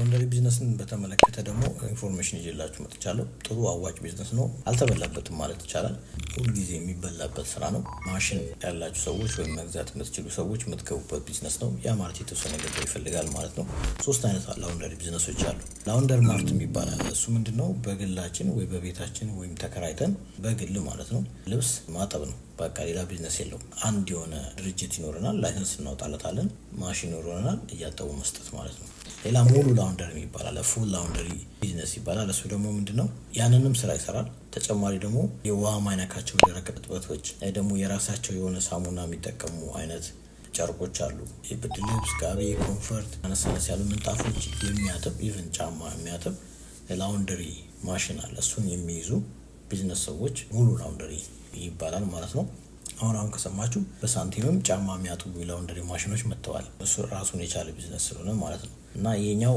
ኦንደሪ ቢዝነስን በተመለከተ ደግሞ ኢንፎርሜሽን ይዤላችሁ መጥቻለሁ። ጥሩ አዋጭ ቢዝነስ ነው፣ አልተበላበትም ማለት ይቻላል። ሁልጊዜ የሚበላበት ስራ ነው። ማሽን ያላችሁ ሰዎች ወይም መግዛት የምትችሉ ሰዎች የምትገቡበት ቢዝነስ ነው። ያ ማለት የተወሰነ ገንዘብ ይፈልጋል ማለት ነው። ሶስት አይነት ላውንደሪ ቢዝነሶች አሉ። ላውንደር ማርት ይባላል። እሱ ምንድን ነው? በግላችን ወይ በቤታችን ወይም ተከራይተን በግል ማለት ነው ልብስ ማጠብ ነው። በቃ ሌላ ቢዝነስ የለውም። አንድ የሆነ ድርጅት ይኖረናል፣ ላይሰንስ እናውጣለታለን፣ ማሽን ይኖረናል፣ እያጠቡ መስጠት ማለት ነው። ሌላ ሙሉ ላውንደሪ ይባላል። ፉል ላውንደሪ ቢዝነስ ይባላል። እሱ ደግሞ ምንድ ነው? ያንንም ስራ ይሰራል። ተጨማሪ ደግሞ የውሃ ማይነካቸው የደረቀ እጥበቶች ደግሞ የራሳቸው የሆነ ሳሙና የሚጠቀሙ አይነት ጨርቆች አሉ። ብድ ልብስ፣ ጋቢ፣ ኮንፈርት፣ አነሳነስ ያሉ ምንጣፎች የሚያጥብ ኢቨን ጫማ የሚያጥብ ላውንደሪ ማሽን አለ። እሱን የሚይዙ ቢዝነስ ሰዎች ሙሉ ላውንደሪ ይባላል ማለት ነው። አሁን አሁን ከሰማችሁ በሳንቲምም ጫማ የሚያጡ ላውንደሪ ማሽኖች መጥተዋል። እሱ ራሱን የቻለ ቢዝነስ ስለሆነ ማለት ነው። እና ይሄኛው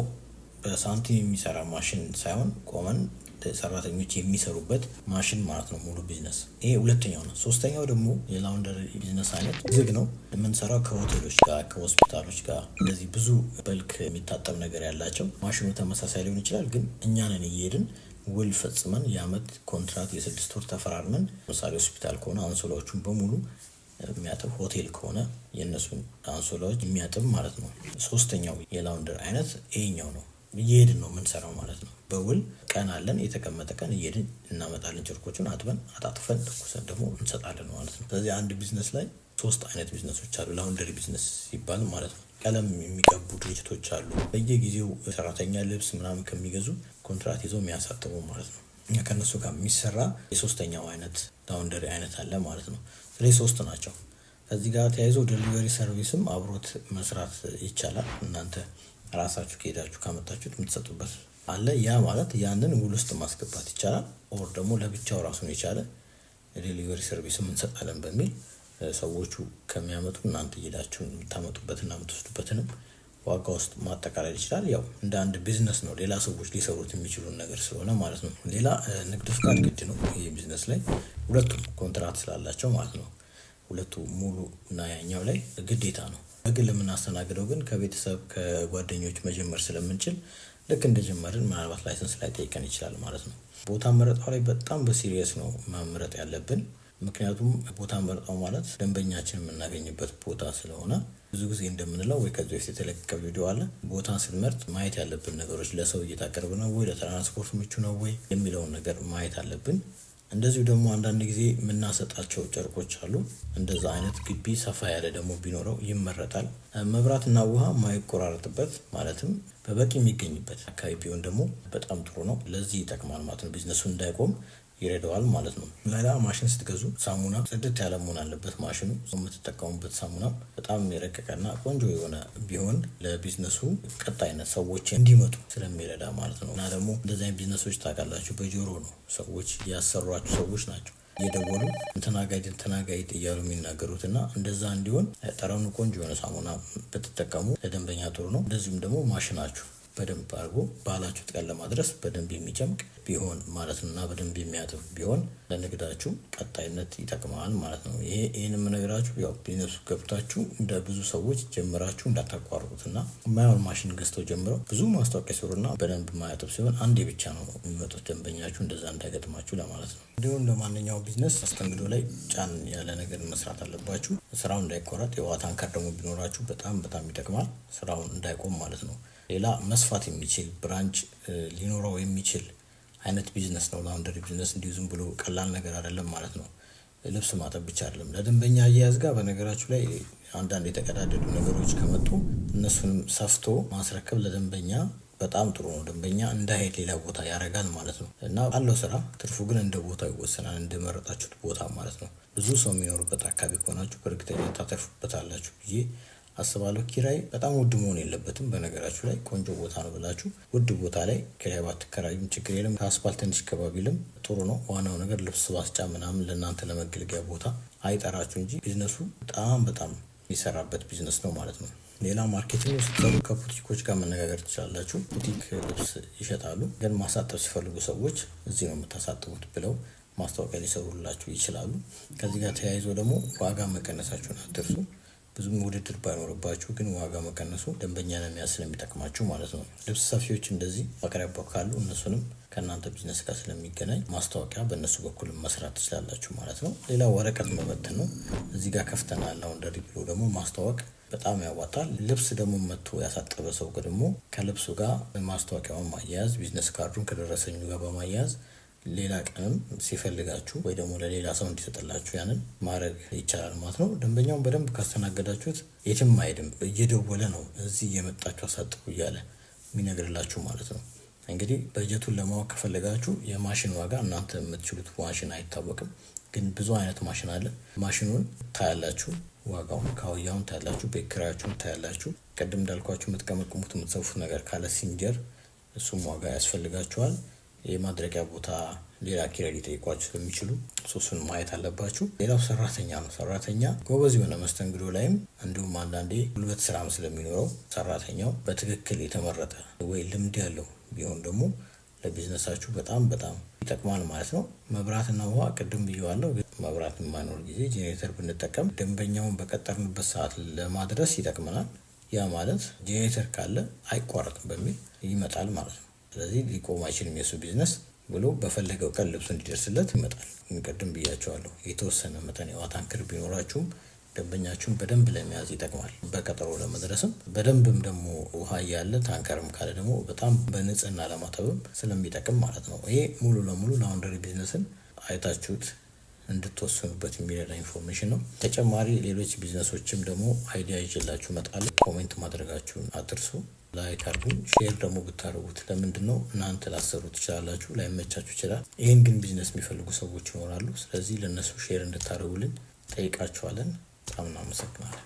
በሳንቲም የሚሰራ ማሽን ሳይሆን ቆመን ሰራተኞች የሚሰሩበት ማሽን ማለት ነው። ሙሉ ቢዝነስ ይሄ ሁለተኛው ነው። ሶስተኛው ደግሞ የላውንደሪ ቢዝነስ አይነት ዝግ ነው የምንሰራው ከሆቴሎች ጋር ከሆስፒታሎች ጋር እንደዚህ ብዙ በልክ የሚታጠብ ነገር ያላቸው ማሽኑ ተመሳሳይ ሊሆን ይችላል፣ ግን እኛንን እየሄድን ውል ፈጽመን የአመት ኮንትራት የስድስት ወር ተፈራርመን ለምሳሌ ሆስፒታል ከሆነ አንሶላዎቹን በሙሉ የሚያጥብ ሆቴል ከሆነ የእነሱን አንሶላዎች የሚያጥብ ማለት ነው። ሶስተኛው የላውንደር አይነት ይሄኛው ነው። እየሄድን ነው የምንሰራው ማለት ነው። በውል ቀን አለን፣ የተቀመጠ ቀን እየሄድን እናመጣለን። ጨርቆቹን አጥበን አጣጥፈን ትኩሰን ደግሞ እንሰጣለን ማለት ነው። ስለዚህ አንድ ቢዝነስ ላይ ሶስት አይነት ቢዝነሶች አሉ ላውንደሪ ቢዝነስ ሲባል ማለት ነው። ቀለም የሚቀቡ ድርጅቶች አሉ። በየጊዜው ሰራተኛ ልብስ ምናምን ከሚገዙ ኮንትራት ይዘው የሚያሳትሙ ማለት ነው። ከእነሱ ጋር የሚሰራ የሶስተኛው አይነት ላውንደሪ አይነት አለ ማለት ነው። ስለዚህ ሶስት ናቸው። ከዚህ ጋር ተያይዞ ደሊቨሪ ሰርቪስም አብሮት መስራት ይቻላል። እናንተ ራሳችሁ ከሄዳችሁ ካመጣችሁት የምትሰጡበት አለ። ያ ማለት ያንን ውል ውስጥ ማስገባት ይቻላል። ኦር ደግሞ ለብቻው ራሱን የቻለ ዴሊቨሪ ሰርቪስም እንሰጣለን በሚል ሰዎቹ ከሚያመጡ እናንተ እየሄዳችሁ የምታመጡበትና የምትወስዱበትንም ዋጋ ውስጥ ማጠቃለል ይችላል። ያው እንደ አንድ ቢዝነስ ነው፣ ሌላ ሰዎች ሊሰሩት የሚችሉን ነገር ስለሆነ ማለት ነው። ሌላ ንግድ ፍቃድ ግድ ነው። ይሄ ቢዝነስ ላይ ሁለቱም ኮንትራት ስላላቸው ማለት ነው። ሁለቱ ሙሉ እና ያኛው ላይ ግዴታ ነው። በግል የምናስተናግደው ግን ከቤተሰብ ከጓደኞች መጀመር ስለምንችል ልክ እንደጀመርን ምናልባት ላይሰንስ ላይ ጠይቀን ይችላል ማለት ነው። ቦታ መረጣው ላይ በጣም በሲሪየስ ነው መምረጥ ያለብን። ምክንያቱም ቦታ መርጠው ማለት ደንበኛችን የምናገኝበት ቦታ ስለሆነ ብዙ ጊዜ እንደምንለው ወይ ከዚህ በፊት የተለቀቀ ቪዲዮ አለ። ቦታ ስንመርጥ ማየት ያለብን ነገሮች ለሰው እየታቀርብ ነው ወይ፣ ለትራንስፖርት ምቹ ነው ወይ የሚለውን ነገር ማየት አለብን። እንደዚሁ ደግሞ አንዳንድ ጊዜ የምናሰጣቸው ጨርቆች አሉ። እንደዛ አይነት ግቢ ሰፋ ያለ ደግሞ ቢኖረው ይመረጣል። መብራትና ውሃ ማይቆራረጥበት ማለትም በበቂ የሚገኝበት አካባቢ ቢሆን ደግሞ በጣም ጥሩ ነው። ለዚህ ይጠቅማል ማለት ነው። ቢዝነሱ እንዳይቆም ይረዳዋል ማለት ነው። ሌላ ማሽን ስትገዙ ሳሙና ጽድት ያለ መሆን አለበት። ማሽኑ የምትጠቀሙበት ሳሙና በጣም የረቀቀና ቆንጆ የሆነ ቢሆን ለቢዝነሱ ቀጣይነት ሰዎች እንዲመጡ ስለሚረዳ ማለት ነው። እና ደግሞ እንደዚህ አይነት ቢዝነሶች ታውቃላችሁ፣ በጆሮ ነው ሰዎች ያሰሯችሁ ሰዎች ናቸው እየደወሉ እንትና ጋይድ እያሉ የሚናገሩት እና እንደዛ እንዲሆን ጠረኑ ቆንጆ የሆነ ሳሙና ብትጠቀሙ ለደንበኛ ጥሩ ነው። እንደዚሁም ደግሞ ማሽናችሁ በደንብ አድርጎ ባላችሁት ቀን ለማድረስ በደንብ የሚጨምቅ ቢሆን ማለት ነው እና በደንብ የሚያጥብ ቢሆን ለንግዳችሁ ቀጣይነት ይጠቅማል ማለት ነው። ይሄ ይህን የምነግራችሁ ያው ቢዝነሱ ገብታችሁ እንደ ብዙ ሰዎች ጀምራችሁ እንዳታቋርጡት እና የማይሆን ማሽን ገዝተው ጀምረው ብዙ ማስታወቂያ ስሩና በደንብ ማያጥብ ሲሆን አንዴ ብቻ ነው የሚመጡት ደንበኛችሁ፣ እንደዛ እንዳይገጥማችሁ ለማለት ነው። እንዲሁም ለማንኛውም ቢዝነስ አስተንግዶ ላይ ጫን ያለ ነገር መስራት አለባችሁ። ስራው እንዳይቆረጥ የዋታን ካርድ ደግሞ ቢኖራችሁ በጣም በጣም ይጠቅማል። ስራውን እንዳይቆም ማለት ነው። ሌላ መስ ማስፋት የሚችል ብራንች ሊኖረው የሚችል አይነት ቢዝነስ ነው። ላውንደሪ ቢዝነስ እንዲሁ ዝም ብሎ ቀላል ነገር አይደለም ማለት ነው። ልብስ ማጠብ ብቻ አይደለም። ለደንበኛ አያያዝ ጋር በነገራችሁ ላይ አንዳንድ የተቀዳደዱ ነገሮች ከመጡ እነሱንም ሰፍቶ ማስረከብ ለደንበኛ በጣም ጥሩ ነው። ደንበኛ እንዳሄድ ሌላ ቦታ ያደርጋል ማለት ነው እና አለው ስራ ትርፉ ግን እንደ ቦታው ይወሰናል፣ እንደመረጣችሁት ቦታ ማለት ነው። ብዙ ሰው የሚኖሩበት አካባቢ ከሆናችሁ በእርግጠኝነት ታተርፉበታላችሁ ብዬ አስባለሁ። ኪራይ በጣም ውድ መሆን የለበትም። በነገራችሁ ላይ ቆንጆ ቦታ ነው ብላችሁ ውድ ቦታ ላይ ኪራይ ባትከራዩም ችግር የለም። ከአስፋልት ትንሽ ከባቢልም ጥሩ ነው። ዋናው ነገር ልብስ ማስጫ ምናምን ለእናንተ ለመገልገያ ቦታ አይጠራችሁ እንጂ ቢዝነሱ በጣም በጣም የሚሰራበት ቢዝነስ ነው ማለት ነው። ሌላ ማርኬቲንግ ስትሰሩ ከቡቲኮች ጋር መነጋገር ትችላላችሁ። ቡቲክ ልብስ ይሸጣሉ፣ ግን ማሳጠብ ሲፈልጉ ሰዎች እዚህ ነው የምታሳጥቡት ብለው ማስታወቂያ ሊሰሩላችሁ ይችላሉ። ከዚህ ጋር ተያይዞ ደግሞ ዋጋ መቀነሳችሁን አትርሱ። ብዙም ውድድር ባይኖርባችሁ ግን ዋጋ መቀነሱ ደንበኛ ለመያዝ ስለሚጠቅማችሁ ማለት ነው። ልብስ ሰፊዎች እንደዚህ አቅራቢያው ካሉ እነሱንም ከእናንተ ቢዝነስ ጋር ስለሚገናኝ ማስታወቂያ በእነሱ በኩል መስራት ትችላላችሁ ማለት ነው። ሌላ ወረቀት መበተን ነው። እዚህ ጋር ከፍተና አሁን እንደ ብሎ ደግሞ ማስታወቅ በጣም ያዋጣል። ልብስ ደግሞ መጥቶ ያሳጠበ ሰው ደግሞ ከልብሱ ጋር ማስታወቂያውን ማያያዝ ቢዝነስ ካርዱን ከደረሰኙ ጋር በማያያዝ ሌላ ቀንም ሲፈልጋችሁ ወይ ደግሞ ለሌላ ሰው እንዲሰጥላችሁ ያንን ማድረግ ይቻላል ማለት ነው። ደንበኛውን በደንብ ካስተናገዳችሁት የትም አይድም። እየደወለ ነው እዚህ እየመጣችሁ አሳጥሩ እያለ የሚነግርላችሁ ማለት ነው። እንግዲህ በጀቱን ለማወቅ ከፈለጋችሁ የማሽን ዋጋ እናንተ የምትችሉት ማሽን አይታወቅም፣ ግን ብዙ አይነት ማሽን አለ። ማሽኑን ታያላችሁ፣ ዋጋውን ካውያውን ታያላችሁ፣ ቤት ኪራያችሁን ታያላችሁ። ቅድም እንዳልኳችሁ የምትቀመቅሙት የምትሰፉት ነገር ካለ ሲንጀር እሱም ዋጋ ያስፈልጋችኋል። የማድረቂያ ቦታ ሌላ ኪራይ ሊጠይቋችሁ ስለሚችሉ ሶስቱን ማየት አለባችሁ። ሌላው ሰራተኛ ነው። ሰራተኛ ጎበዝ የሆነ መስተንግዶ ላይም እንዲሁም አንዳንዴ ጉልበት ስራም ስለሚኖረው ሰራተኛው በትክክል የተመረጠ ወይ ልምድ ያለው ቢሆን ደግሞ ለቢዝነሳችሁ በጣም በጣም ይጠቅማል ማለት ነው። መብራትና ውሃ ቅድም ብየዋለሁ። መብራት የማይኖር ጊዜ ጄኔሬተር ብንጠቀም ደንበኛውን በቀጠርንበት ሰዓት ለማድረስ ይጠቅመናል። ያ ማለት ጄኔሬተር ካለ አይቋረጥም በሚል ይመጣል ማለት ነው። ስለዚህ ሊቆም አይችልም የሱ ቢዝነስ ብሎ በፈለገው ቀን ልብሱ እንዲደርስለት ይመጣል። ቅድም ብያቸዋለሁ፣ የተወሰነ መጠን የዋ ታንክር ቢኖራችሁም ደንበኛችሁን በደንብ ለመያዝ ይጠቅማል። በቀጠሮ ለመድረስም በደንብም ደግሞ ውሃ እያለ ታንከርም ካለ ደግሞ በጣም በንጽህና ለማጠብም ስለሚጠቅም ማለት ነው። ይሄ ሙሉ ለሙሉ ላውንደሪ ቢዝነስን አይታችሁት እንድትወስኑበት የሚረዳ ኢንፎርሜሽን ነው። ተጨማሪ ሌሎች ቢዝነሶችም ደግሞ አይዲያ ይዤላችሁ እመጣለሁ። ኮሜንት ማድረጋችሁን አትርሱ። ላይክ አድርጉ። ሼር ደግሞ ብታደርጉት ለምንድን ነው እናንተ ላሰሩ ትችላላችሁ፣ ላይመቻችሁ ይችላል። ይህን ግን ቢዝነስ የሚፈልጉ ሰዎች ይኖራሉ። ስለዚህ ለእነሱ ሼር እንድታደርጉልን ጠይቃችኋለን። በጣም እናመሰግናለን።